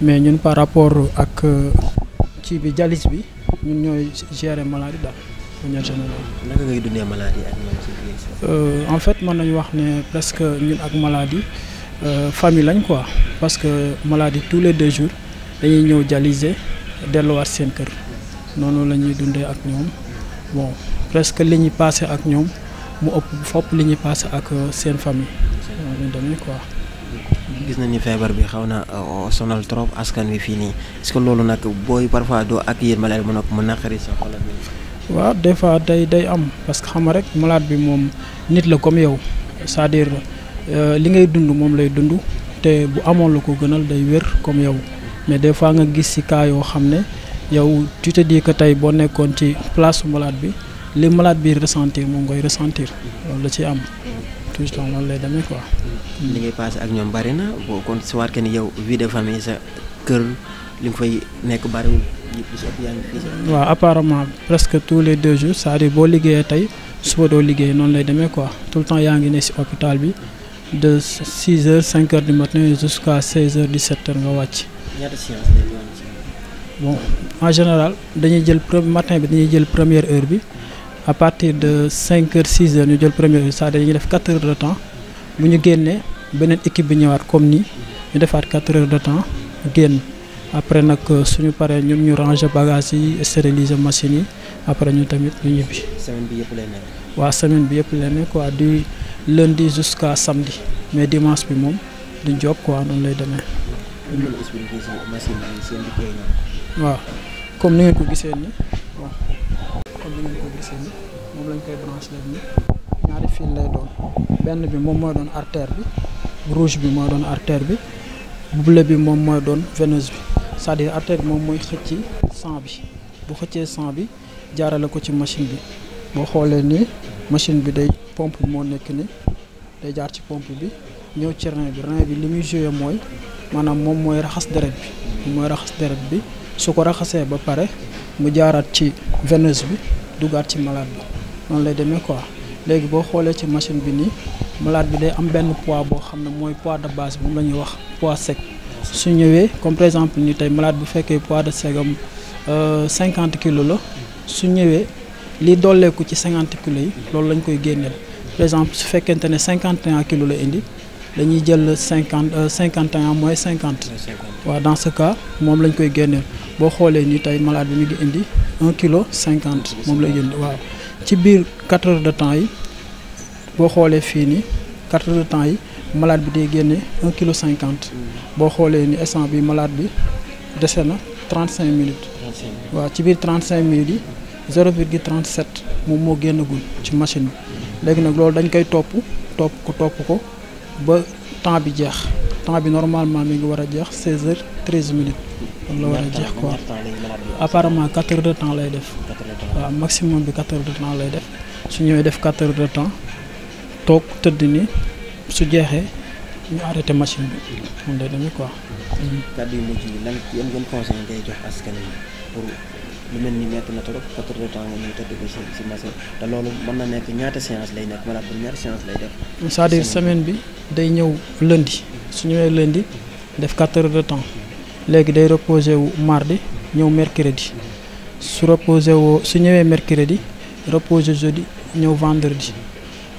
mais ñun par rapport ak ci euh, bi jalis bi ñun ñooy gérer maladie daal manière dundee maladie ak euh, en fait mën nañu wax ne presque ñun ak maladie euh, famille lañ quoi parce que maladie tous les deux jours dañuy ñëw dialyser delluwaat seen kër noonu la ñuy dundee ak ñoom bon presque li ñu passé ak ñoom mu ëpp fopp li ñu passé ak seen famille. waaw ñu demee gis ni feebar bi xaw na euh, sonal trop askan wi fii nii est que loolu nag booy parfois doo ak yéen malade mu nag mën na xarit sa xolal waaw des fois day day am parce que xam rek malaat bi moom nit la comme yow c'est-à-dire euh, li ngay dund moom lay dund te bu amoon la ko gënal day wér comme yow mais des fois nga gis ci cas yoo xam ne yow tu di ko tey boo nekkoon ci place malade bi li malade bi ressentir moom ngay ressentir loolu la ci am. tout le lay demee quoi. li ngay passé ak ñoom bari na boo kon si waat que ni yow vie de famille sa kër li nga fay nekk bariwul waa si ëpp apparemment presque tous les deux jours cest à boo liggéeyee tey suba doo liggéey noonu lay demee quoi tout le temps yaa ngi ne si hôpital bi de 6 heures 5 heures du matin jusqu'à 16 heures 17 heures nga wàcc. bon en général dañuy jël matin bi dañuy jël première heure bi. à partir de 5 heures 6 heures jël première heure ça dañuy def 4 heures de temps bu ñu génnee beneen équipe bi ñëwaat comme nii ñu defaat 4 heures de temps génn après nag euh, suñu paree ñun ñu ranger bagages yi stériliser machines yi après ñu tamit ñu ñibbi. semaine bi yëpp lay nekk. waaw semaine bi yëpp lay nekk quoi du lundi jusqu'à samedi mais dimanche bi moom du job quoi noonu lay demee. waaw comme ni ngeen ko gisee nii waaw. bi ngeen ko gisee ni moom lañ koy branché ni ñaari fil lay doon benn bi moom mooy doon artère bi rouge bi mooy doon artère bi bleu bi moom mooy doon veineuse bi c'est-à-dire bi moom mooy xëcci sang bi bu xëccee sang bi jaarale ko ci machine bi boo xoolee ni machine bi day pompe bi moo nekk ni day jaar ci pompe bi ñëw ci rein bi rein bi li muy joué mooy maanaam moom mooy raxas deret bi mooy raxas deret bi su ko raxasee ba pare mu jaaraat ci veineuse bi dugaat malade bi noonu lay quoi léegi boo xoolee ci machine bi malade bi day am benn poids poids de base moom poids sec su comme par exemple ni tey malade bu fekkee poids de sec euh, cinquante kilos la su ñëwee li cinquante kilos yi loolu lañ par exemple su fekkente ne cinquante et un kilos la indi dañuy euh, cinquante et moins cinquante dans ce cas moom lañ koy génneel ni malade indi un kilo cinquante moom lay jënd waaw ci biir quatre de temps yi boo xoolee fii nii quatre heures de temps yi malaat bi day génne un kilo cinquante boo xoolee ni instant bi malade bi dese na trente cinq minutes waaw ci biir trente cinq minutes yi zéro virgule trente moom moo génnagul ci machine bi léegi nag loolu dañ koy topp topp ko topp ko ba temps bi jeex temps bi normalement mi ngi wara jeex 16 h 13 minutes. loolu la war jeex quoi apparemment 4 heures de temps lay def. waaw maximum bi 4 heures de temps lay def su ñëwé def 4 heures de temps tok teud ni su jeexé ñu arrêté machine bi moom day demee quoi. kaddu mu ci yi lan yan gën conseil ngay jox askan wi pour lu melni ni na torop 4 heures de temps ngay teud ko ci ci machine da lolu mën na nekk ñaata séance lay nekk wala première séance lay def. ça dire semaine bi day ñëw lundi. su ñëwee lundi def 4 heures de temps léegi day reposé wu mardi ñëw mercredi su reposé woo su ñëwee mercredi reposé jeudi ñëw vendredi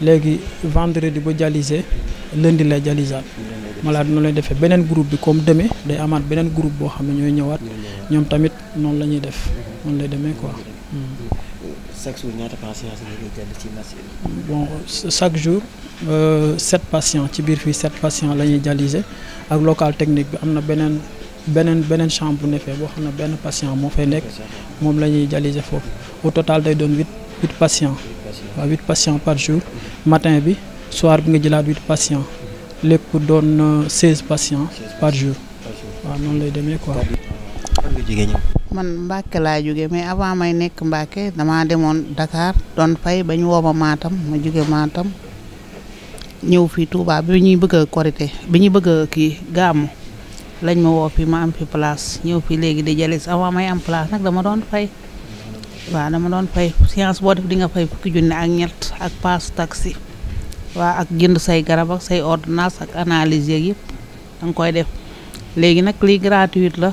léegi vendredi ba dialysé lundi lay dialysaat malade noonu lay defee beneen groupe bi comme demee day amaat beneen groupe boo xam ne ñooy ñëwaat ñoom tamit noonu la ñuy def noonu lay demee quoi. Hmm. chaque jour 7 patients 7 euh, chaque jour euh, patients sont biir patients local technique bi a une, une chambre où il patient au total ils donnent 8 patients. patients par jour matin bi soir ils nga 8 patients cours donnent 16 patients par jour quoi. man Mbacke laa jóge mais avant may nekk mbaake damaa demoon Dakar doon fay ba ñu woo ma Matam ma jóge Matam ñëw fii Touba bi ñuy bëgg a korité bi ñuy bëgg kii gàmmu lañ ma woo fii ma am fi place ñëw fii léegi di jalis avant may am place nag dama doon fay waaw dama doon fay science boo def di nga fay fukki junne ak ñett ak paas taxi waa ak jënd say garab ak say ordonnance ak analyse yeeg yëpp danga koy def léegi nag lii gratuite la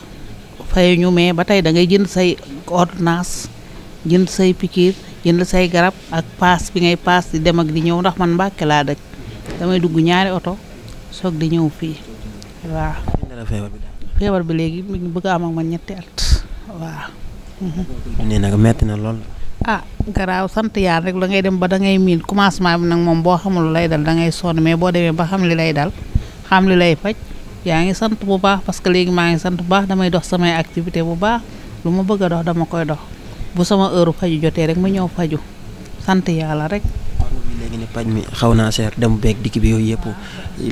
fayu ñu mais ba tey da ngay jënd say ordonnance jënd say pikiir jënd say garab ak paas bi ngay paas di dem ak di ñëw ndax man Mbàkke laa dëkk damay dugg ñaari oto soog di ñëw fii waaw. feebar bi léegi mi bëgg am ak man ñetti at waaw. nee nag metti na lool. ah garaaw sant yàlla rek la ngay dem ba da ngay miin commencement bi nag moom boo xamul lay dal da ngay sonn mais boo demee ba xam li lay dal xam li lay faj. yaa ngi sant bu baax parce que léegi maa ngi sant bu baax damay dox samay activité bu baax lu ma bëgg a dox dama koy dox bu sama heure faju jotee rek mu ñëw faju sant yàlla rek. léegi ne paj mi xaw naa seer dem beeg dikk bi yooyu yëpp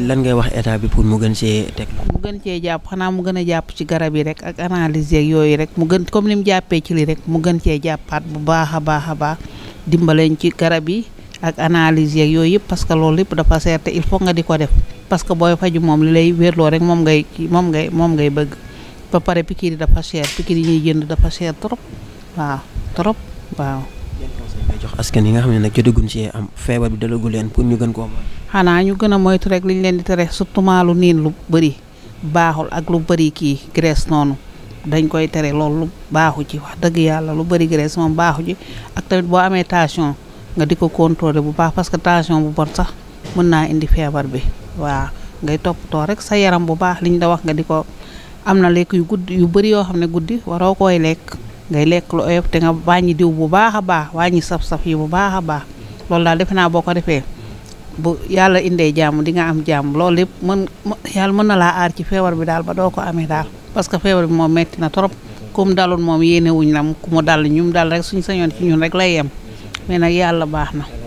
lan ngay wax état bi pour mu gën cee teg. gën cee jàpp xanaa mu gën a jàpp ci garab yi rek ak analyse yeeg yooyu rek mu gën comme ni mu jàppee ci lii rek mu gën cee jàppaat bu baax a baax a baax dimbaleñ ci garab yi. ak analyse yak yoy yep parce que lolou lepp dafa seer il faut nga diko def parce que boy faju mom li lay wérloo rek mom ngay mom ngay mom ngay bëgg ba paré piqûre yi dafa cher piqûre yi ñuy jënd dafa cher trop waaw trop waaw. jox askan yi nga xamné nak nag jotaguñ ci am feebar bi la gu len pour ñu gën ko xana ñu gëna a moytu rek liñ len di téré surtout maalu niin lu bëri baaxul ak lu bëri ki graisse nonu dañ koy téré loolu lu baaxu ci wax dëgg yalla lu bëri graisse mom baaxu ci ak tamit bo amé tension nga di ko contrôler bu baax parce que tension bu bon sax mën naa indi feebar bi waaw ngay toppatoo rek sa yaram bu baax liñ da wax nga di ko am na lekk yu gudd yu bëri yoo xam ne guddi waroo koy lekk ngay lekk lu oyof te nga wàññi diw bu baax a baax wàññi saf-saf yi bu baax a baax loolu daal defe naa boo ko defee bu yàlla indee jàmm di nga am jàmm loolu lépp mën yàlla mën na laa aar ci feebar bi daal ba doo ko amee daal parce que feebar bi moom metti na trop kum dalul moom yéene wuñ la mu dal ñum dal rek suñ sañoon ci ñun rek lay yem mais nag yàlla baax na